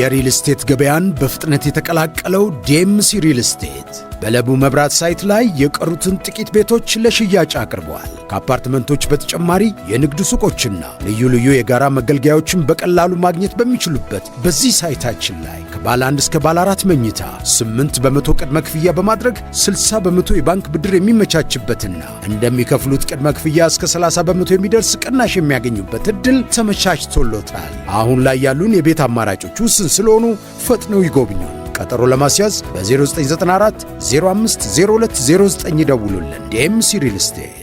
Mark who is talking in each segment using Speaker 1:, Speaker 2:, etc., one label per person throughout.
Speaker 1: የሪል ስቴት ገበያን በፍጥነት የተቀላቀለው ዴምሲ ሪል ስቴት በለቡ መብራት ሳይት ላይ የቀሩትን ጥቂት ቤቶች ለሽያጭ አቅርበዋል። ከአፓርትመንቶች በተጨማሪ የንግድ ሱቆችና ልዩ ልዩ የጋራ መገልገያዎችን በቀላሉ ማግኘት በሚችሉበት በዚህ ሳይታችን ላይ ከባለ አንድ እስከ ባለ አራት መኝታ 8 በመቶ ቅድመ ክፍያ በማድረግ 60 በመቶ የባንክ ብድር የሚመቻችበትና እንደሚከፍሉት ቅድመ ክፍያ እስከ 30 በመቶ የሚደርስ ቅናሽ የሚያገኙበት እድል ተመቻችቶሎታል። አሁን ላይ ያሉን የቤት አማራጮች ውስን ስለሆኑ ፈጥነው ይጎብኙ። ቀጠሮ ለማስያዝ በ0994 05 0209 ይደውሉልን። ዲኤምሲ ሪል ስቴት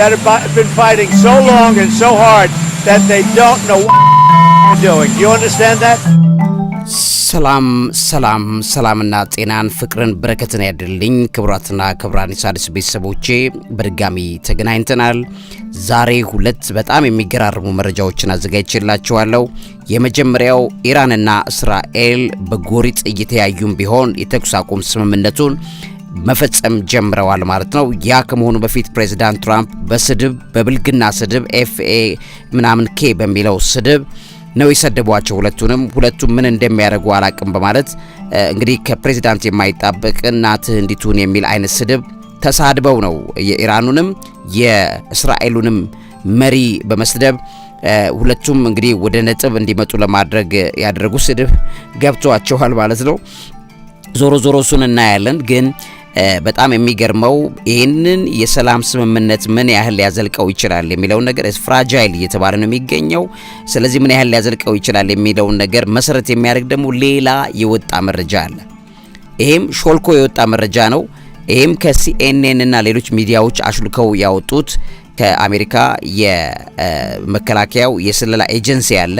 Speaker 1: that have been fighting so long and so hard that they don't know what they're doing. You
Speaker 2: understand that? ሰላም ሰላም ሰላምና ጤናን ፍቅርን በረከትን ያድልኝ። ክቡራትና ክቡራን የሣድስ ቤተሰቦቼ በድጋሚ ተገናኝተናል። ዛሬ ሁለት በጣም የሚገራርሙ መረጃዎችን አዘጋጅቼላችኋለሁ። የመጀመሪያው ኢራንና እስራኤል በጎሪጥ እየተያዩም ቢሆን የተኩስ አቁም ስምምነቱን መፈጸም ጀምረዋል ማለት ነው። ያ ከመሆኑ በፊት ፕሬዚዳንት ትራምፕ በስድብ በብልግና ስድብ ኤፍኤ ምናምን ኬ በሚለው ስድብ ነው የሰደቧቸው። ሁለቱንም ሁለቱም ምን እንደሚያደርጉ አላቅም በማለት እንግዲህ ከፕሬዚዳንት የማይጣበቅ እናትህ እንዲቱን የሚል አይነት ስድብ ተሳድበው ነው የኢራኑንም የእስራኤሉንም መሪ በመስደብ ሁለቱም እንግዲህ ወደ ነጥብ እንዲመጡ ለማድረግ ያደረጉ ስድብ ገብቷቸዋል ማለት ነው። ዞሮ ዞሮ እሱን እናያለን ግን በጣም የሚገርመው ይህንን የሰላም ስምምነት ምን ያህል ሊያዘልቀው ይችላል የሚለውን ነገር ፍራጃይል እየተባለ ነው የሚገኘው። ስለዚህ ምን ያህል ሊያዘልቀው ይችላል የሚለውን ነገር መሰረት የሚያደርግ ደግሞ ሌላ የወጣ መረጃ አለ። ይሄም ሾልኮ የወጣ መረጃ ነው። ይህም ከሲኤንኤን እና ሌሎች ሚዲያዎች አሽልከው ያወጡት ከአሜሪካ የመከላከያው የስለላ ኤጀንሲ አለ።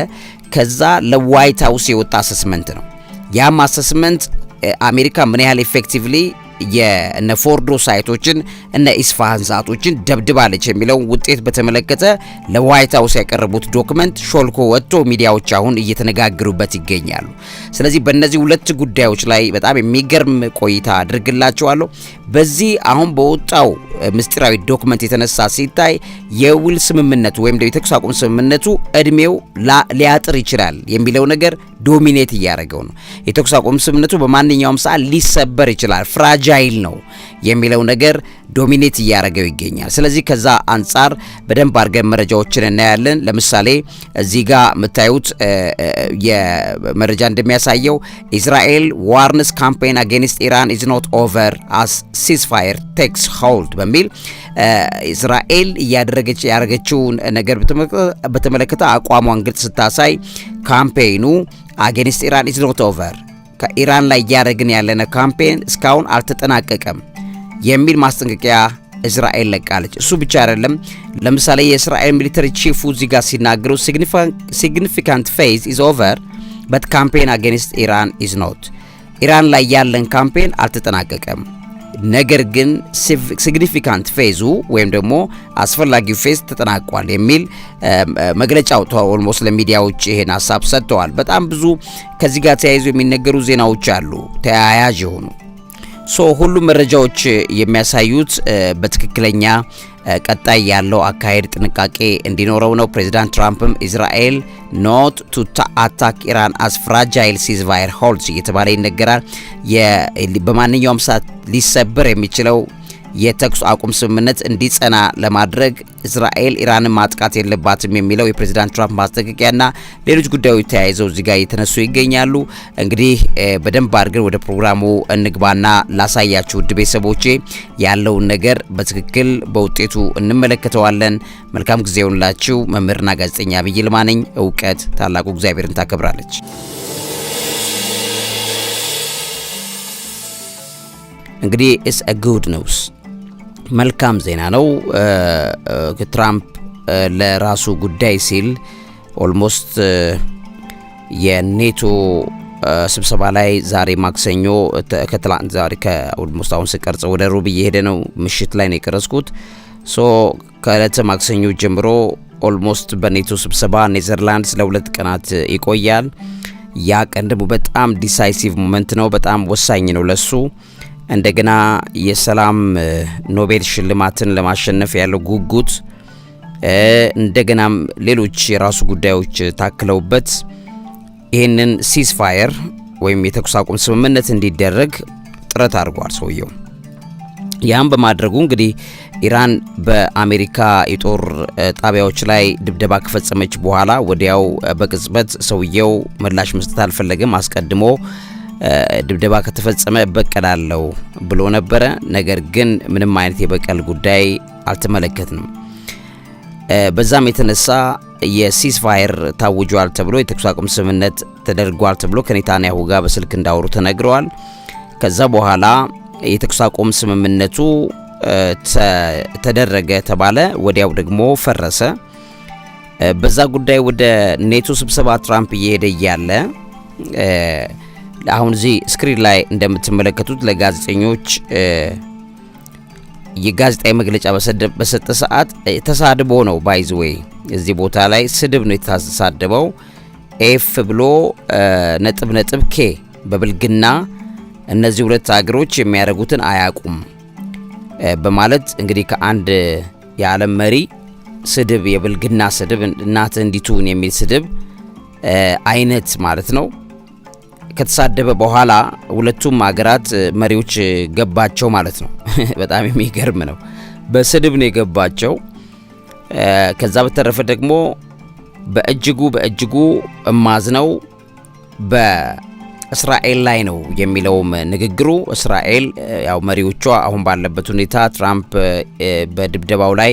Speaker 2: ከዛ ለዋይት ሀውስ የወጣ አሰስመንት ነው። ያም አሰስመንት አሜሪካ ምን ያህል ኤፌክቲቭሊ የነ ፎርዶ ሳይቶችን እነ ኢስፋሃን ሰዓቶችን ደብድባለች የሚለውን ውጤት በተመለከተ ለዋይት ሀውስ ያቀረቡት ዶክመንት ሾልኮ ወጥቶ ሚዲያዎች አሁን እየተነጋገሩበት ይገኛሉ። ስለዚህ በእነዚህ ሁለት ጉዳዮች ላይ በጣም የሚገርም ቆይታ አድርግላቸዋለሁ። በዚህ አሁን በወጣው ምስጢራዊ ዶክመንት የተነሳ ሲታይ የውል ስምምነቱ ወይም ደግሞ የተኩስ አቁም ስምምነቱ እድሜው ሊያጥር ይችላል የሚለው ነገር ዶሚኔት እያደረገው ነው። የተኩስ አቁም ስምምነቱ በማንኛውም ሰዓት ሊሰበር ይችላል ፍራጃ አጃይል ነው የሚለው ነገር ዶሚኔት እያደረገው ይገኛል። ስለዚህ ከዛ አንጻር በደንብ አድርገን መረጃዎችን እናያለን። ለምሳሌ እዚህ ጋር የምታዩት መረጃ እንደሚያሳየው ኢስራኤል ዋርንስ ካምፔን አጌንስት ኢራን ኢዝ ኖት ኦቨር አስ ሲስፋየር ቴክስ ሆልድ በሚል እስራኤል እያደረገች ያደረገችውን ነገር በተመለከተ አቋሟን ግልጽ ስታሳይ ካምፔኑ አጌንስት ኢራን ኢዝ ኖት ኦቨር ከኢራን ላይ እያደረግን ያለነ ካምፔን እስካሁን አልተጠናቀቀም የሚል ማስጠንቀቂያ እስራኤል ለቃለች። እሱ ብቻ አይደለም። ለምሳሌ የእስራኤል ሚሊተሪ ቺፉ ዚጋ ሲናገሩ ሲግኒፊካንት ፌዝ ኢዝ ኦቨር በት ካምፔን አጌንስት ኢራን ኢዝ ኖት፣ ኢራን ላይ ያለን ካምፔን አልተጠናቀቀም። ነገር ግን ሲግኒፊካንት ፌዙ ወይም ደግሞ አስፈላጊው ፌዝ ተጠናቋል የሚል መግለጫው አውጥተዋል። ኦልሞስት ለሚዲያዎች ይሄን ሀሳብ ሰጥተዋል። በጣም ብዙ ከዚህ ጋር ተያይዞ የሚነገሩ ዜናዎች አሉ፣ ተያያዥ የሆኑ ሶ ሁሉም መረጃዎች የሚያሳዩት በትክክለኛ ቀጣይ ያለው አካሄድ ጥንቃቄ እንዲኖረው ነው። ፕሬዚዳንት ትራምፕም ኢዝራኤል ኖት ቱ አታክ ኢራን አስ ፍራጃይል ሲዝቫየር ሆልድስ እየተባለ ይነገራል። በማንኛውም ሰዓት ሊሰብር የሚችለው የተኩስ አቁም ስምምነት እንዲጸና ለማድረግ እስራኤል ኢራንን ማጥቃት የለባትም የሚለው የፕሬዚዳንት ትራምፕ ማስጠንቀቂያና ሌሎች ጉዳዮች ተያይዘው እዚህ ጋር እየተነሱ ይገኛሉ። እንግዲህ በደንብ አድርገን ወደ ፕሮግራሙ እንግባና ላሳያችሁ ውድ ቤተሰቦቼ ያለውን ነገር በትክክል በውጤቱ እንመለከተዋለን። መልካም ጊዜ ሆንላችሁ። መምህርና ጋዜጠኛ ዐቢይ ይልማ ነኝ። እውቀት ታላቁ እግዚአብሔርን ታከብራለች። እንግዲህ ኢትስ አ ጉድ ኒውስ መልካም ዜና ነው። ትራምፕ ለራሱ ጉዳይ ሲል ኦልሞስት የኔቶ ስብሰባ ላይ ዛሬ ማክሰኞ ከትላንት ዛሬ ከኦልሞስት አሁን ስቀርጽ ወደ ሩብ እየሄደ ነው። ምሽት ላይ ነው የቀረጽኩት። ሶ ከዕለተ ማክሰኞ ጀምሮ ኦልሞስት በኔቶ ስብሰባ ኔዘርላንድስ ለሁለት ቀናት ይቆያል። ያ ቀን ደግሞ በጣም ዲሳይሲቭ ሞመንት ነው፣ በጣም ወሳኝ ነው ለሱ እንደገና የሰላም ኖቤል ሽልማትን ለማሸነፍ ያለው ጉጉት እንደገናም ሌሎች የራሱ ጉዳዮች ታክለውበት ይህንን ሲስፋየር ወይም የተኩስ አቁም ስምምነት እንዲደረግ ጥረት አድርጓል ሰውየው። ያም በማድረጉ እንግዲህ ኢራን በአሜሪካ የጦር ጣቢያዎች ላይ ድብደባ ከፈጸመች በኋላ ወዲያው በቅጽበት ሰውየው ምላሽ መስጠት አልፈለገም። አስቀድሞ ድብደባ ከተፈጸመ እበቀላለሁ ብሎ ነበረ። ነገር ግን ምንም አይነት የበቀል ጉዳይ አልተመለከትንም። በዛም የተነሳ የሲስ ፋየር ታውጇል ተብሎ የተኩስ አቁም ስምምነት ተደርጓል ተብሎ ከኔታንያሁ ጋር በስልክ እንዳወሩ ተነግረዋል። ከዛ በኋላ የተኩስ አቁም ስምምነቱ ተደረገ ተባለ። ወዲያው ደግሞ ፈረሰ። በዛ ጉዳይ ወደ ኔቶ ስብሰባ ትራምፕ እየሄደ እያለ አሁን እዚህ ስክሪን ላይ እንደምትመለከቱት ለጋዜጠኞች የጋዜጣዊ መግለጫ በሰጠ ሰዓት ተሳድቦ ነው። ወይ እዚህ ቦታ ላይ ስድብ ነው የተሳደበው። ኤፍ ብሎ ነጥብ ነጥብ ኬ በብልግና እነዚህ ሁለት ሀገሮች የሚያደርጉትን አያውቁም በማለት እንግዲህ ከአንድ የዓለም መሪ ስድብ የብልግና ስድብ እናት እንዲቱን የሚል ስድብ አይነት ማለት ነው ከተሳደበ በኋላ ሁለቱም ሀገራት መሪዎች ገባቸው ማለት ነው። በጣም የሚገርም ነው። በስድብ ነው የገባቸው። ከዛ በተረፈ ደግሞ በእጅጉ በእጅጉ እማዝነው በእስራኤል ላይ ነው የሚለውም ንግግሩ። እስራኤል ያው መሪዎቿ አሁን ባለበት ሁኔታ ትራምፕ በድብደባው ላይ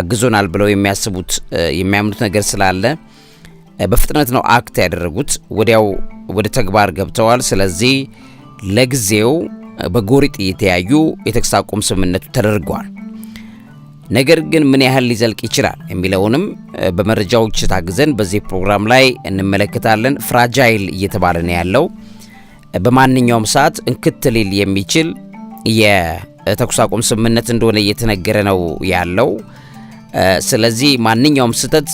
Speaker 2: አግዞናል ብለው የሚያስቡት የሚያምኑት ነገር ስላለ በፍጥነት ነው አክት ያደረጉት፣ ወዲያው ወደ ተግባር ገብተዋል። ስለዚህ ለጊዜው በጎሪጥ እየተያዩ የተኩስ አቁም ስምምነቱ ተደርገዋል። ነገር ግን ምን ያህል ሊዘልቅ ይችላል የሚለውንም በመረጃዎች ታግዘን በዚህ ፕሮግራም ላይ እንመለከታለን። ፍራጃይል እየተባለ ነው ያለው። በማንኛውም ሰዓት እንክት ሊል የሚችል የተኩስ አቁም ስምምነት እንደሆነ እየተነገረ ነው ያለው። ስለዚህ ማንኛውም ስህተት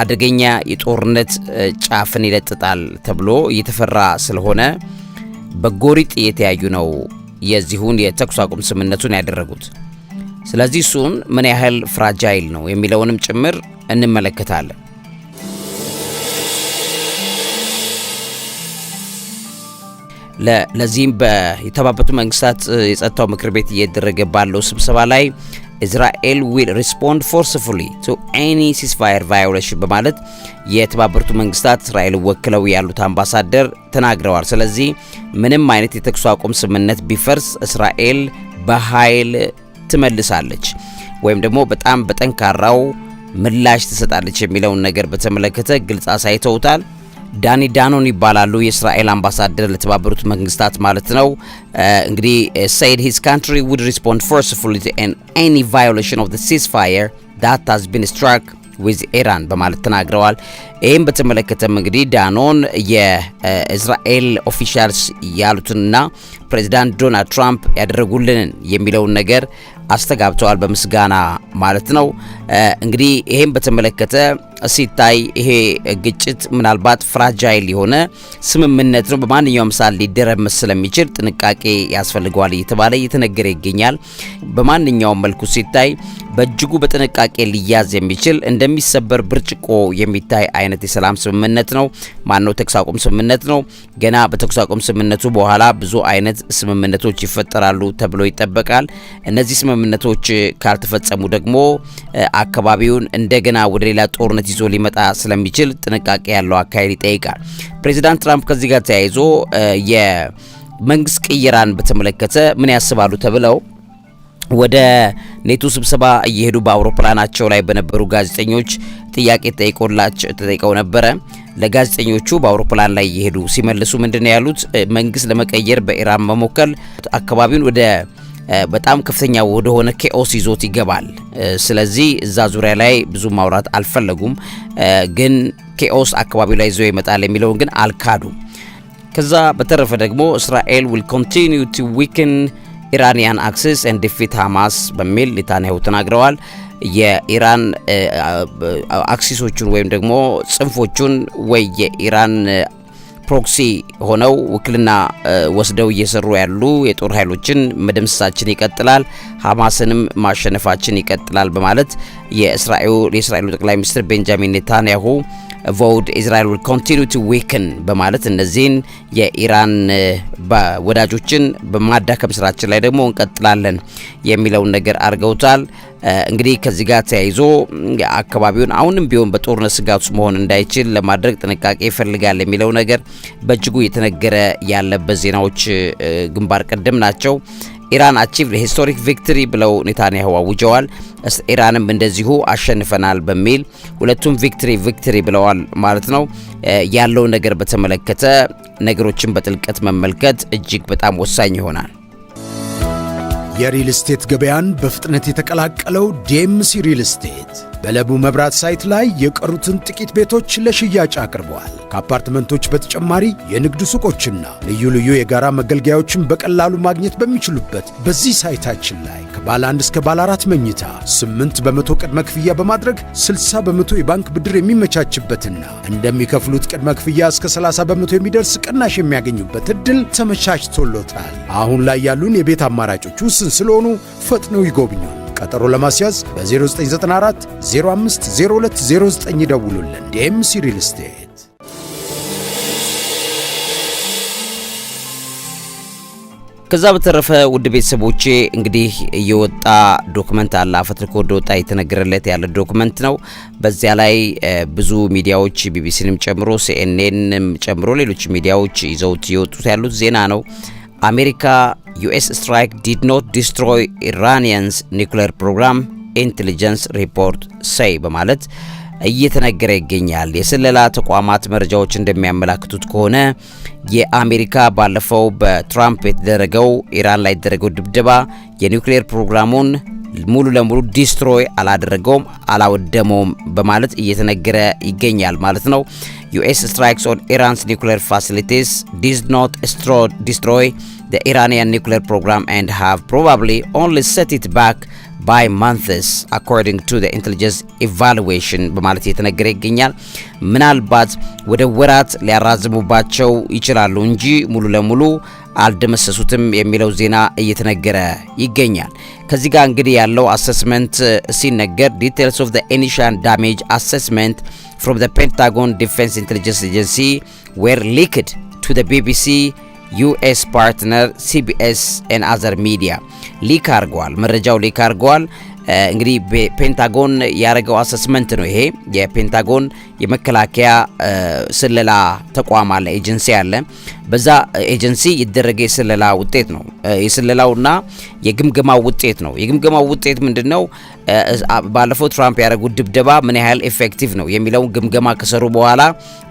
Speaker 2: አደገኛ የጦርነት ጫፍን ይለጥጣል ተብሎ እየተፈራ ስለሆነ በጎሪጥ የተያዩ ነው የዚሁን የተኩስ አቁም ስምነቱን ያደረጉት። ስለዚህ እሱን ምን ያህል ፍራጃይል ነው የሚለውንም ጭምር እንመለከታለን። ለዚህም በተባበሩት መንግስታት የጸጥታው ምክር ቤት እየደረገ ባለው ስብሰባ ላይ እስራኤል ዊል ሪስፖንድ ፎርስፉሊ ቱ ኤኒ ሲስፋየር ቫዮሌሽን በማለት የተባበሩት መንግስታት እስራኤል ወክለው ያሉት አምባሳደር ተናግረዋል። ስለዚህ ምንም አይነት የተኩስ አቁም ስምምነት ቢፈርስ እስራኤል በኃይል ትመልሳለች ወይም ደግሞ በጣም በጠንካራው ምላሽ ትሰጣለች የሚለውን ነገር በተመለከተ ግልጽ አሳይተውታል። ዳኒ ዳኖን ይባላሉ። የእስራኤል አምባሳደር ለተባበሩት መንግስታት ማለት ነው። እንግዲህ ሰይድ ሂዝ ካንትሪ ውድ ሪስፖንድ ፎርስፉሊ ኤን ኤኒ ቫዮሌሽን ኦፍ ዘ ዳት ሃዝ ቢን ስትራክ ዊዝ ኢራን በማለት ተናግረዋል። ይህም በተመለከተም እንግዲህ ዳኖን የእስራኤል ኦፊሻልስ ያሉትንና ፕሬዚዳንት ዶናልድ ትራምፕ ያደረጉልንን የሚለውን ነገር አስተጋብተዋል በምስጋና ማለት ነው። እንግዲህ ይህም በተመለከተ ሲታይ ይሄ ግጭት ምናልባት ፍራጃይል የሆነ ስምምነት ነው፣ በማንኛውም ሰዓት ሊደረመስ ስለሚችል ጥንቃቄ ያስፈልገዋል እየተባለ እየተነገረ ይገኛል። በማንኛውም መልኩ ሲታይ በእጅጉ በጥንቃቄ ሊያዝ የሚችል እንደሚሰበር ብርጭቆ የሚታይ አይነት የሰላም ስምምነት ነው። ማነው ተኩስ አቁም ስምምነት ነው። ገና በተኩስ አቁም ስምምነቱ በኋላ ብዙ አይነት ስምምነቶች ይፈጠራሉ ተብሎ ይጠበቃል። እነዚህ ስምምነቶች ካልተፈጸሙ ደግሞ አካባቢውን እንደገና ወደ ሌላ ጦርነት ይዞ ሊመጣ ስለሚችል ጥንቃቄ ያለው አካሄድ ይጠይቃል። ፕሬዚዳንት ትራምፕ ከዚህ ጋር ተያይዞ የመንግስት ቅየራን በተመለከተ ምን ያስባሉ ተብለው ወደ ኔቶ ስብሰባ እየሄዱ በአውሮፕላናቸው ላይ በነበሩ ጋዜጠኞች ጥያቄ ተጠይቀው ነበረ። ለጋዜጠኞቹ በአውሮፕላን ላይ እየሄዱ ሲመልሱ ምንድነው ያሉት? መንግስት ለመቀየር በኢራን መሞከል አካባቢውን ወደ በጣም ከፍተኛ ወደሆነ ኬኦስ ይዞት ይገባል። ስለዚህ እዛ ዙሪያ ላይ ብዙ ማውራት አልፈለጉም። ግን ኬኦስ አካባቢው ላይ ይዞ ይመጣል የሚለውን ግን አልካዱም። ከዛ በተረፈ ደግሞ እስራኤል ዊል ኮንቲኒው ቱ ዊክን ኢራንያን አክሲስ ኤንድ ዲፊት ሃማስ በሚል ኔታንያሁ ተናግረዋል። የኢራን አክሲሶቹን ወይም ደግሞ ጽንፎቹን ወይ የኢራን ፕሮክሲ ሆነው ውክልና ወስደው እየሰሩ ያሉ የጦር ኃይሎችን መደምሰሳችን ይቀጥላል፣ ሐማስንም ማሸነፋችን ይቀጥላል በማለት የእስራኤሉ ጠቅላይ ሚኒስትር ቤንጃሚን ኔታንያሁ ቮድ ኢዝራኤል ዊል ኮንቲኒው ቱ ዊክን በማለት እነዚህን የኢራን ወዳጆችን በማዳከም ስራችን ላይ ደግሞ እንቀጥላለን የሚለውን ነገር አድርገውታል። እንግዲህ ከዚህ ጋር ተያይዞ አካባቢውን አሁንም ቢሆን በጦርነት ስጋት ውስጥ መሆን እንዳይችል ለማድረግ ጥንቃቄ ይፈልጋል የሚለው ነገር በእጅጉ የተነገረ ያለበት ዜናዎች ግንባር ቀደም ናቸው። ኢራን አቺቭ ሂስቶሪክ ቪክትሪ ብለው ኔታንያሁ አውጀዋል። ኢራንም እንደዚሁ አሸንፈናል በሚል ሁለቱም ቪክትሪ ቪክትሪ ብለዋል ማለት ነው። ያለው ነገር በተመለከተ ነገሮችን በጥልቀት መመልከት እጅግ በጣም ወሳኝ ይሆናል።
Speaker 1: የሪል ስቴት ገበያን በፍጥነት የተቀላቀለው ዴምሲ ሪል ስቴት በለቡ መብራት ሳይት ላይ የቀሩትን ጥቂት ቤቶች ለሽያጭ አቅርበዋል። ከአፓርትመንቶች በተጨማሪ የንግድ ሱቆችና ልዩ ልዩ የጋራ መገልገያዎችን በቀላሉ ማግኘት በሚችሉበት በዚህ ሳይታችን ላይ ከባለ አንድ እስከ ባለ አራት መኝታ 8 በመቶ ቅድመ ክፍያ በማድረግ 60 በመቶ የባንክ ብድር የሚመቻችበትና እንደሚከፍሉት ቅድመ ክፍያ እስከ 30 በመቶ የሚደርስ ቅናሽ የሚያገኙበት እድል ተመቻችቶሎታል። አሁን ላይ ያሉን የቤት አማራጮች ውስን ስለሆኑ ፈጥነው ይጎብኙ። ቀጠሮ ለማስያዝ በ0994 05 0209 ይደውሉልን። ዲኤምሲ ሪል ስቴት።
Speaker 2: ከዛ በተረፈ ውድ ቤተሰቦቼ እንግዲህ እየወጣ ዶክመንት አለ። አፈትልኮ እንደወጣ የተነገረለት ያለ ዶክመንት ነው። በዚያ ላይ ብዙ ሚዲያዎች ቢቢሲንም ጨምሮ ሲኤንኤንም ጨምሮ ሌሎች ሚዲያዎች ይዘውት እየወጡት ያሉት ዜና ነው። America US strike did not destroy Iranians nuclear program intelligence report say በማለት እየተነገረ ይገኛል። የስለላ ተቋማት መረጃዎች እንደሚያመላክቱት ከሆነ የአሜሪካ ባለፈው በትራምፕ የተደረገው ኢራን ላይ የተደረገው ድብደባ የኒውክሌር ፕሮግራሙን ሙሉ ለሙሉ ዲስትሮይ አላደረገውም፣ አላወደመውም በማለት እየተነገረ ይገኛል ማለት ነው። ዩኤስ ስትራይክስ ኦን ኢራንስ ኒውክሌር ፋሲሊቲስ ዲዝ ኖት ዲስትሮይ ኢራንያን ኒውክሌር ፕሮግራም ኤንድ ሃቭ ፕሮባብሊ ኦንሊ ሴት ኢት ባክ ባይ ማንስ አኮርዲንግ ቱ ኢንቴሊጀንስ ኢቫሉዌሽን በማለት የተነገረ ይገኛል። ምናልባት ወደ ወራት ሊያራዝሙባቸው ይችላሉ እንጂ ሙሉ ለሙሉ አልደመሰሱትም የሚለው ዜና እየተነገረ ይገኛል። ከዚህ ጋር እንግዲህ ያለው አሰስመንት ሲነገር ዲቴልስ ኦፍ ኢኒሻል ዳሜጅ አሰስመንት ፍሮም ፔንታጎን ዲፌንስ ኢንቴሊጀንስ ኤጀንሲ ዌር ሊክድ ቱ ቢቢሲ ዩኤስ ፓርትነር ሲቢኤስ ኤን አዘር ሚዲያ ሊክ አድርገዋል። መረጃው ሊክ አድርገዋል። እንግዲህ ፔንታጎን ያደረገው አሰስመንት ነው ይሄ። የፔንታጎን የመከላከያ ስለላ ተቋም አለ፣ ኤጀንሲ አለ። በዛ ኤጀንሲ የደረገ የስለላ ውጤት ነው። የስለላውና የግምገማው ውጤት ነው። የግምገማው ውጤት ምንድን ነው? ባለፈው ትራምፕ ያደረጉት ድብደባ ምን ያህል ኤፌክቲቭ ነው የሚለውን ግምገማ ከሰሩ በኋላ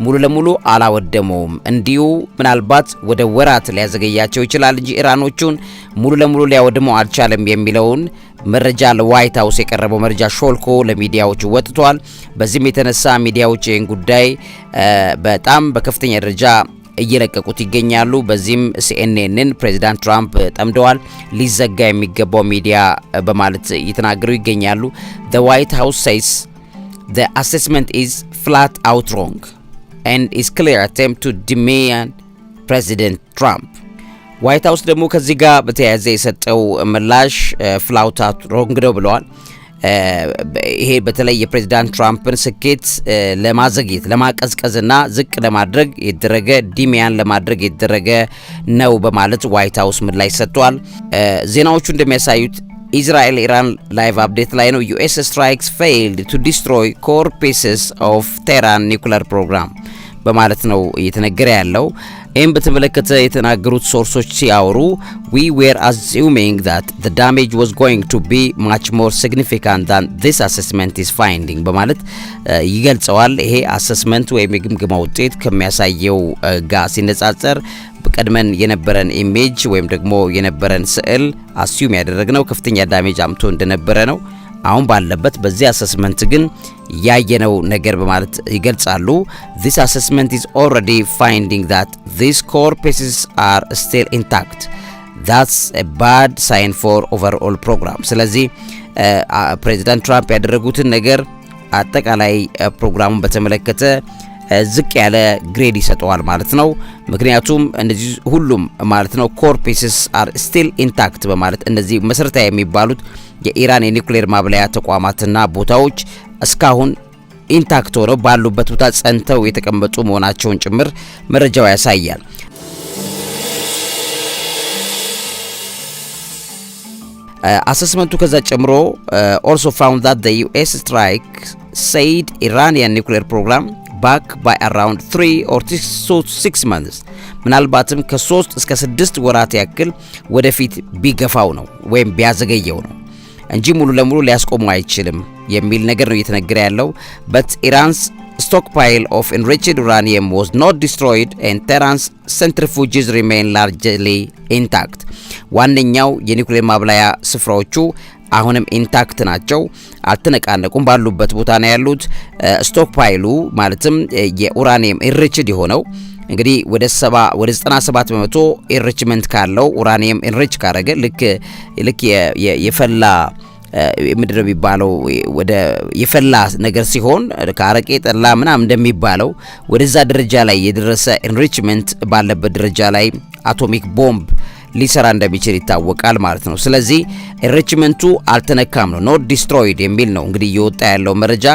Speaker 2: ሙሉ ለሙሉ አላወደመውም። እንዲሁ ምናልባት ወደ ወራት ሊያዘገያቸው ይችላል እንጂ ኢራኖቹን ሙሉ ለሙሉ ሊያወድመው አልቻለም የሚለውን መረጃ ለዋይት ሀውስ የቀረበው መረጃ ሾልኮ ለሚዲያዎች ወጥቷል። በዚህም የተነሳ ሚዲያዎች ይህን ጉዳይ በጣም በከፍተኛ ደረጃ እየለቀቁት ይገኛሉ። በዚህም ሲኤንኤንን ፕሬዚዳንት ትራምፕ ጠምደዋል፣ ሊዘጋ የሚገባው ሚዲያ በማለት እየተናገሩ ይገኛሉ። ዘ ዋይት ሀውስ ሴይስ ዘ አሴስመንት ኢዝ ፍላት አውት ሮንግ ኤንድ ኢዝ ክሊር አቴምፕት ቱ ዲሜያን ፕሬዚደንት ትራምፕ ዋይት ሀውስ ደግሞ ከዚህ ጋር በተያያዘ የሰጠው ምላሽ ፍላውታ ሮንግ ነው ብለዋል። ይሄ በተለይ የፕሬዚዳንት ትራምፕን ስኬት ለማዘግየት ለማቀዝቀዝና ዝቅ ለማድረግ የተደረገ ዲሚያን ለማድረግ የተደረገ ነው በማለት ዋይት ሀውስ ምላሽ ሰጥቷል። ዜናዎቹ እንደሚያሳዩት ኢስራኤል ኢራን ላይቭ አፕዴት ላይ ነው። ዩኤስ ስትራይክስ ፌይልድ ቱ ዲስትሮይ ኮር ፒስስ ኦፍ ቴራን ኒኩለር ፕሮግራም በማለት ነው እየተነገረ ያለው። ይህም በተመለከተ የተናገሩት ሶርሶች ሲያወሩ ዊ ዌር አሱሚንግ ዛት ዘ ዳሜጅ ዋዝ ጎይንግ ቱ ቢ ማች ሞር ሲግኒፊካንት ዛን ዚስ አሰስመንት ኢዝ ፋይንዲንግ በማለት ይገልጸዋል። ይሄ አሰስመንት ወይም የግምግማ ውጤት ከሚያሳየው ጋር ሲነጻጸር ቀድመን የነበረን ኢሜጅ ወይም ደግሞ የነበረን ስዕል አሱም ያደረግነው ከፍተኛ ዳሜጅ አምቶ እንደነበረ ነው። አሁን ባለበት በዚህ አሰስመንት ግን ያየነው ነገር በማለት ይገልጻሉ። this assessment is already finding that these core pieces are still intact that's a bad sign for overall program። ስለዚህ ፕሬዚዳንት ትራምፕ ያደረጉትን ነገር አጠቃላይ ፕሮግራሙን በተመለከተ ዝቅ ያለ ግሬድ ይሰጠዋል ማለት ነው። ምክንያቱም እነዚህ ሁሉም ማለት ነው ኮር አር ስቲል ኢንታክት በማለት እነዚህ መሰረታዊ የሚባሉት የኢራን የኒውክሌር ማብለያ ተቋማትና ቦታዎች እስካሁን ኢንታክት ሆነው ባሉበት ቦታ ጸንተው የተቀመጡ መሆናቸውን ጭምር መረጃው ያሳያል። አሰስመንቱ ከዛ ጨምሮ ኦልሶ ፋውንድ ዛት ዩኤስ ስትራይክ ሰይድ ኢራን የኒውክሌር ፕሮግራም ባክ ባይ አራውንድ 3 ኦር 6 መንስ ምናልባትም ከ3 እስከ 6 ወራት ያክል ወደፊት ቢገፋው ነው ወይም ቢያዘገየው ነው እንጂ ሙሉ ለሙሉ ሊያስቆሙ አይችልም የሚል ነገር ነው እየተነገረ ያለው በት ኢራንስ stockpile of enriched uranium was not destroyed and Tehran's centrifuges remain largely intact። ዋነኛው የኒኩሌር ማብላያ ስፍራዎቹ አሁንም ኢንታክት ናቸው፣ አልተነቃነቁም፣ ባሉበት ቦታ ነው ያሉት። ስቶክ ፓይሉ ማለትም የኡራኒየም ኢንሪችድ የሆነው እንግዲህ ወደ 70 ወደ 97 በመቶ ኢንሪችመንት ካለው ኡራኒየም ኢንሪች ካረገ ልክ ልክ የፈላ ምድር የሚባለው ወደ የፈላ ነገር ሲሆን ከአረቄ ጠላ ምናምን እንደሚባለው ወደዛ ደረጃ ላይ የደረሰ ኢንሪችመንት ባለበት ደረጃ ላይ አቶሚክ ቦምብ ሊሰራ እንደሚችል ይታወቃል ማለት ነው። ስለዚህ ሪችመንቱ አልተነካም ነው ኖ ዲስትሮይድ የሚል ነው እንግዲህ እየወጣ ያለው መረጃ።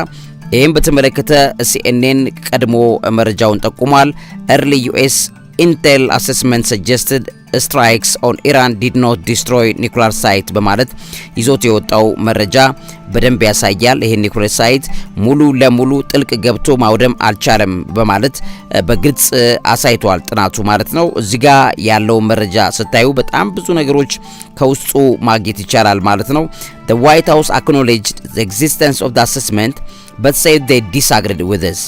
Speaker 2: ይህም በተመለከተ ሲኤንኤን ቀድሞ መረጃውን ጠቁሟል። ኤርሊ ዩኤስ Intel assessment suggested strikes on Iran did not destroy nuclear site በማለት ይዞት የወጣው መረጃ በደንብ ያሳያል። ይሄ ኒኩሌር ሳይት ሙሉ ለሙሉ ጥልቅ ገብቶ ማውደም አልቻለም በማለት በግልጽ አሳይቷል ጥናቱ ማለት ነው። እዚህ ጋ ያለው መረጃ ስታዩ በጣም ብዙ ነገሮች ከውስጡ ማግኘት ይቻላል ማለት ነው። The White House acknowledged the existence of the assessment but said they disagreed with this.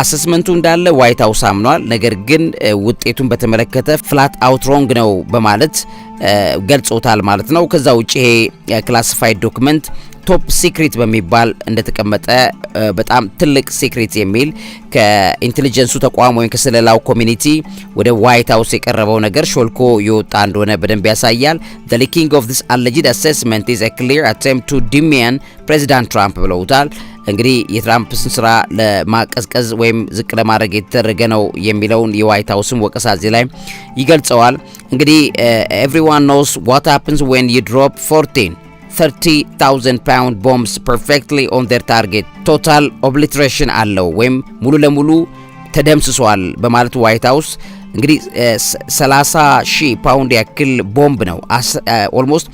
Speaker 2: አሰስመንቱ እንዳለ ዋይት ሀውስ አምኗል። ነገር ግን ውጤቱን በተመለከተ ፍላት አውት ሮንግ ነው በማለት ገልጾታል ማለት ነው። ከዛ ውጭ ይሄ ክላሲፋይድ ዶክመንት ቶፕ ሲክሪት በሚባል እንደተቀመጠ በጣም ትልቅ ሲክሪት የሚል ከኢንቴሊጀንሱ ተቋም ወይም ከስለላው ኮሚኒቲ ወደ ዋይት ሀውስ የቀረበው ነገር ሾልኮ የወጣ እንደሆነ በደንብ ያሳያል። ዘ ሊኪንግ ኦፍ ዲስ አለጅድ አሴስመንት ኢዝ ክሊር አቴምፕት ቱ ዲሚያን ፕሬዚዳንት ትራምፕ ብለውታል። እንግዲህ የትራምፕስን ስራ ለማቀዝቀዝ ወይም ዝቅ ለማድረግ የተደረገ ነው የሚለውን የዋይት ሀውስም ወቀሳ እዚህ ላይ ይገልጸዋል። እንግዲህ ኤቭሪዋን ኖስ ዋት ሀፕንስ ዌን ዩ ድሮፕ ፎርቲን 30,000 ፓውንድ ቦምብስ ፐርፌክትሊ ኦን ዴር ታርጌት ቶታል ኦብሊትሬሽን አለው ወይም ሙሉ ለሙሉ ተደምስሷል በማለት ዋይት ሀውስ እንግዲህ 30 ሺህ ፓውንድ ያክል ቦምብ ነው ኦልሞስት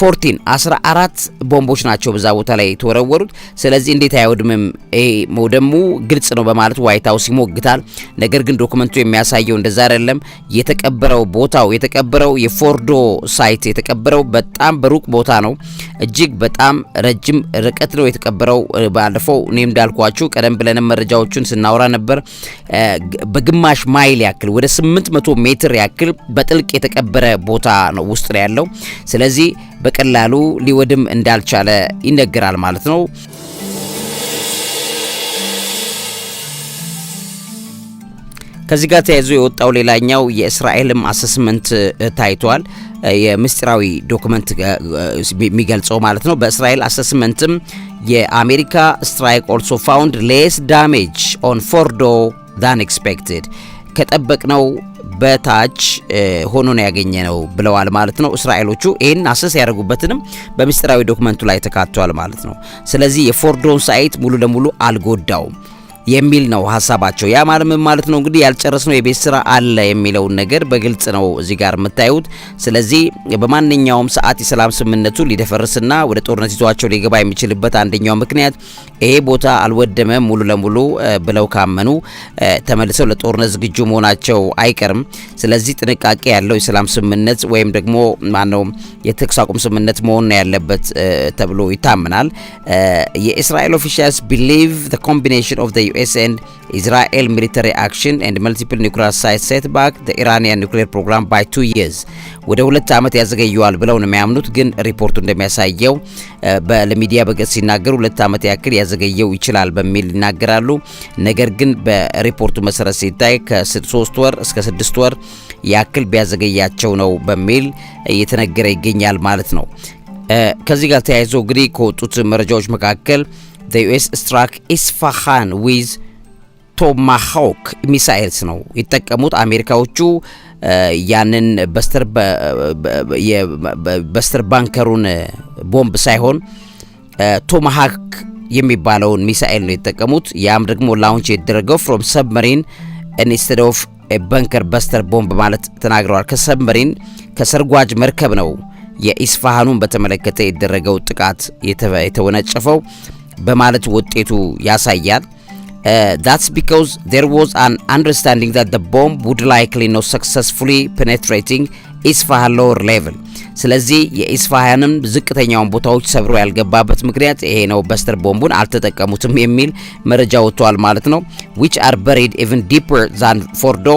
Speaker 2: ፎርቲን 14 ቦምቦች ናቸው በዛ ቦታ ላይ የተወረወሩት። ስለዚህ እንዴት አይወድምም ይሄ መውደሙ ግልጽ ነው በማለት ዋይት ሀውስ ይሞግታል። ነገር ግን ዶክመንቱ የሚያሳየው እንደዛ አይደለም። የተቀበረው ቦታው የተቀበረው የፎርዶ ሳይት የተቀበረው በጣም በሩቅ ቦታ ነው። እጅግ በጣም ረጅም ርቀት ነው የተቀበረው። ባለፈው እኔም እንዳልኳችሁ ቀደም ብለንም መረጃዎቹን ስናወራ ነበር። በግማሽ ማይል ያክል ወደ 800 ሜትር ያክል በጥልቅ የተቀበረ ቦታ ነው ውስጥ ነው ያለው ስለዚህ በቀላሉ ሊወድም እንዳልቻለ ይነገራል ማለት ነው። ከዚህ ጋር ተያይዞ የወጣው ሌላኛው የእስራኤልም አሰስመንት ታይቷል። የምስጢራዊ ዶክመንት የሚገልጸው ማለት ነው። በእስራኤል አሰስመንትም የአሜሪካ ስትራይክ ኦልሶ ፋውንድ ሌስ ዳሜጅ ኦን ፎርዶ ዳን ኤክስፔክትድ ከጠበቅነው በታች ሆኖ ነው ያገኘ ነው ብለዋል ማለት ነው። እስራኤሎቹ ይህን አሰስ ያደርጉበትንም በምስጢራዊ ዶክመንቱ ላይ ተካቷል ማለት ነው። ስለዚህ የፎርዶን ሳይት ሙሉ ለሙሉ አልጎዳውም። የሚል ነው ሀሳባቸው። ያ ማለት ምን ማለት ነው? እንግዲህ ያልጨረስነው የቤት ስራ አለ የሚለውን ነገር በግልጽ ነው እዚህ ጋር የምታዩት። ስለዚህ በማንኛውም ሰዓት የሰላም ስምምነቱ ሊደፈርስና ወደ ጦርነት ይዟቸው ሊገባ የሚችልበት አንደኛው ምክንያት ይሄ ቦታ አልወደመም ሙሉ ለሙሉ ብለው ካመኑ ተመልሰው ለጦርነት ዝግጁ መሆናቸው አይቀርም። ስለዚህ ጥንቃቄ ያለው የሰላም ስምምነት ወይም ደግሞ ማነው የተኩስ አቁም ስምምነት መሆን ነው ያለበት ተብሎ ይታመናል። የእስራኤል ኦፊሻልስ ቢሊቭ the combination US and Israel military action and multiple nuclear sites set back the Iranian nuclear program by two ወደ ሁለት ዓመት ያዘገየዋል ብለው ነው የሚያምኑት። ግን ሪፖርቱ እንደሚያሳየው ለሚዲያ በገጽ ሲናገሩ ሁለት ዓመት ያክል ያዘገየው ይችላል በሚል ይናገራሉ። ነገር ግን በሪፖርቱ መሰረት ሲታይ ከሶስት ወር እስከ ስድስት ወር ያክል ቢያዘገያቸው ነው በሚል እየተነገረ ይገኛል ማለት ነው። ከዚህ ጋር ተያይዞ እንግዲህ ከወጡት መረጃዎች መካከል ዘ ዩኤስ ስትራክ ኢስፋሃን ዊዝ ቶማሃውክ ሚሳኤልስ ነው የተጠቀሙት አሜሪካዎቹ። ያንን በስተር ባንከሩን ቦምብ ሳይሆን ቶማሃክ የሚባለውን ሚሳኤል ነው የተጠቀሙት። ያም ደግሞ ላውንች የተደረገው ፍሮም ሰብመሪን ኢንስቴድ ኦፍ በንከር በስተር ቦምብ ማለት ተናግረዋል። ከሰብመሪን ከሰርጓጅ መርከብ ነው የኢስፋሃኑን በተመለከተ የተደረገው ጥቃት የተወነጨፈው። በማለት ውጤቱ ያሳያል። ዳትስ ቢካዝ ዜር ዋዝ አን አንደርስታንዲንግ ዛት ዘ ቦምብ ውድ ላይክሊ ኖት ሰክሰስፉሊ ፔኔትሬቲንግ ኢስፋሃን ሎወር ሌቭል። ስለዚህ የኢስፋሃንም ዝቅተኛውን ቦታዎች ሰብሮ ያልገባበት ምክንያት ይሄ ነው። በስተር ቦምቡን አልተጠቀሙትም የሚል መረጃ ወጥቷል ማለት ነው። ዊች አር በሪድ ኢቭን ዲፐር ዛን ፎርዶ፣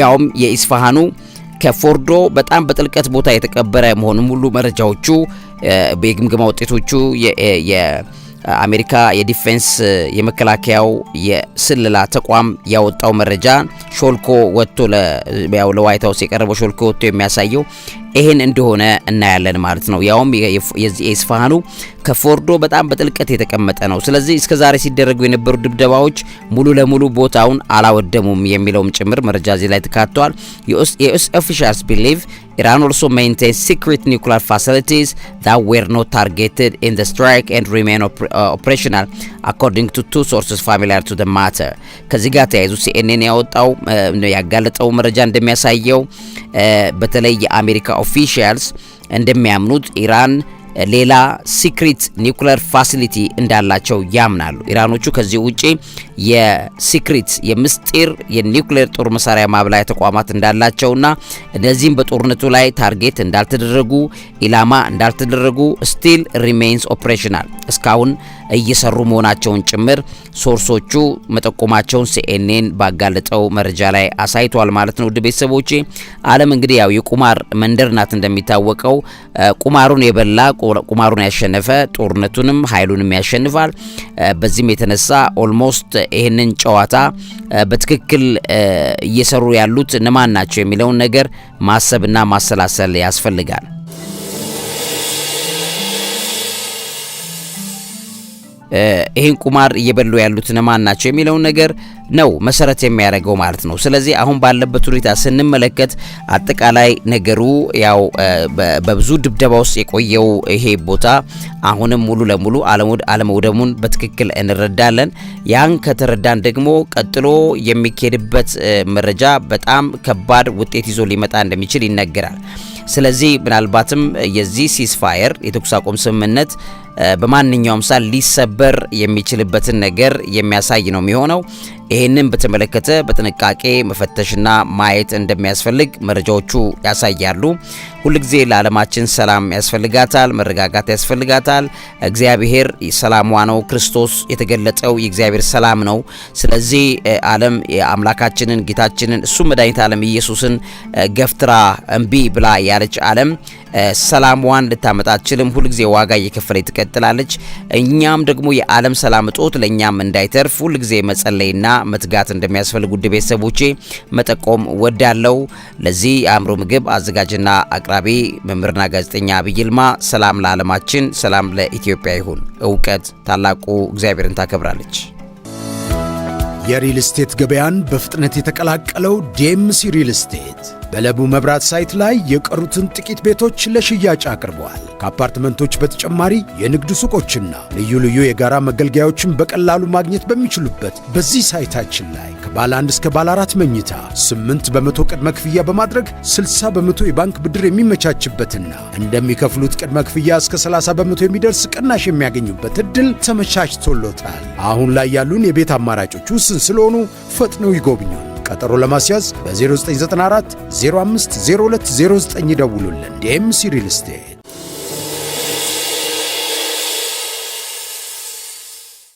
Speaker 2: ያውም የኢስፋሃኑ ከፎርዶ በጣም በጥልቀት ቦታ የተቀበረ መሆኑን ሁሉ መረጃዎቹ የግምገማ uh, ውጤቶቹ አሜሪካ የዲፌንስ የመከላከያው የስልላ ተቋም ያወጣው መረጃ ሾልኮ ወጥቶ ያው ለዋይት ሀውስ የቀረበው ሾልኮ ወጥቶ የሚያሳየው ይሄን እንደሆነ እናያለን ማለት ነው። ያውም የስፋሃኑ ከፎርዶ በጣም በጥልቀት የተቀመጠ ነው። ስለዚህ እስከዛሬ ሲደረጉ የነበሩ ድብደባዎች ሙሉ ለሙሉ ቦታውን አላወደሙም የሚለውም ጭምር መረጃ እዚህ ላይ ተካቷል። የዩኤስ ኦፊሻልስ ቢሊቭ ኢራን ኦልሶ ሜንቴን ሲክሬት ኒውክሊየር ፋሲሊቲስ ዛት ዌር ኖት ታርጌትድ ኢን ዘ ስትራይክ ኤንድ ሪሜን ኦፕሬሽናል አኮርዲንግ ቱ ቱ ሶርሰስ ፋሚሊያር ቱ ዘ ማተር። ከዚህ ጋር ተያይዞ ሲኤንኤን ያወጣው uh, ያጋለጠው መረጃ እንደሚያሳየው uh, በተለይ የአሜሪካ ኦፊሻልስ እንደሚያምኑት ኢራን ሌላ ሲክሪት ኒውክሌር ፋሲሊቲ እንዳላቸው ያምናሉ። ኢራኖቹ ከዚህ ውጪ የሲክሪት የምስጢር የኒውክሌር ጦር መሳሪያ ማብላያ ተቋማት እንዳላቸውና እነዚህም በጦርነቱ ላይ ታርጌት እንዳልተደረጉ ኢላማ እንዳልተደረጉ ስቲል ሪሜይንስ ኦፕሬሽናል እስካሁን እየሰሩ መሆናቸውን ጭምር ሶርሶቹ መጠቆማቸውን ሲኤንኤን ባጋለጠው መረጃ ላይ አሳይቷል ማለት ነው። ውድ ቤተሰቦቼ ዓለም እንግዲህ ያው የቁማር መንደር ናት እንደሚታወቀው። ቁማሩን የበላ ቁማሩን ያሸነፈ ጦርነቱንም ኃይሉንም ያሸንፋል። በዚህም የተነሳ ኦልሞስት ይህንን ጨዋታ በትክክል እየሰሩ ያሉት እነማን ናቸው የሚለውን ነገር ማሰብና ማሰላሰል ያስፈልጋል። ይህን ቁማር እየበሉ ያሉት እነማን ናቸው የሚለውን ነገር ነው መሰረት የሚያደርገው ማለት ነው። ስለዚህ አሁን ባለበት ሁኔታ ስንመለከት አጠቃላይ ነገሩ ያው በብዙ ድብደባ ውስጥ የቆየው ይሄ ቦታ አሁንም ሙሉ ለሙሉ አለመውደሙን በትክክል እንረዳለን። ያን ከተረዳን ደግሞ ቀጥሎ የሚካሄድበት መረጃ በጣም ከባድ ውጤት ይዞ ሊመጣ እንደሚችል ይነገራል። ስለዚህ ምናልባትም የዚህ ሲስፋየር የተኩስ አቁም ስምምነት በማንኛውም ሳል ሊሰበር የሚችልበትን ነገር የሚያሳይ ነው የሚሆነው። ይህንን በተመለከተ በጥንቃቄ መፈተሽና ማየት እንደሚያስፈልግ መረጃዎቹ ያሳያሉ። ሁልጊዜ ለዓለማችን ሰላም ያስፈልጋታል፣ መረጋጋት ያስፈልጋታል። እግዚአብሔር ሰላሟ ነው። ክርስቶስ የተገለጠው የእግዚአብሔር ሰላም ነው። ስለዚህ ዓለም አምላካችንን ጌታችንን እሱ መድኃኒት ዓለም ኢየሱስን ገፍትራ እምቢ ብላ ያለች ዓለም ሰላሟን ልታመጣ አትችልም። ሁልጊዜ ዋጋ እየከፈለች ትቀጥላለች። እኛም ደግሞ የዓለም ሰላም እጦት ለእኛም እንዳይተርፍ ሁልጊዜ መጸለይና መትጋት እንደሚያስፈልጉ ውድ ቤተሰቦቼ መጠቆም ወዳለው። ለዚህ የአእምሮ ምግብ አዘጋጅና አቅራቢ መምህርና ጋዜጠኛ ዐቢይ ይልማ። ሰላም ለዓለማችን፣ ሰላም ለኢትዮጵያ ይሁን። እውቀት ታላቁ እግዚአብሔርን ታከብራለች።
Speaker 1: የሪል ስቴት ገበያን በፍጥነት የተቀላቀለው ዴምሲ ሪል ስቴት በለቡ መብራት ሳይት ላይ የቀሩትን ጥቂት ቤቶች ለሽያጭ አቅርበዋል። ከአፓርትመንቶች በተጨማሪ የንግድ ሱቆችና ልዩ ልዩ የጋራ መገልገያዎችን በቀላሉ ማግኘት በሚችሉበት በዚህ ሳይታችን ላይ ከባለ አንድ እስከ ባለ አራት መኝታ 8 በመቶ ቅድመ ክፍያ በማድረግ 60 በመቶ የባንክ ብድር የሚመቻችበትና እንደሚከፍሉት ቅድመ ክፍያ እስከ 30 በመቶ የሚደርስ ቅናሽ የሚያገኙበት እድል ተመቻችቶሎታል። አሁን ላይ ያሉን የቤት አማራጮች ውስን ስለሆኑ ፈጥነው ይጎብኙን። ቀጠሮ ለማስያዝ በ0994 05 0209 ይደውሉልን። ዲኤምሲ ሪል ስቴት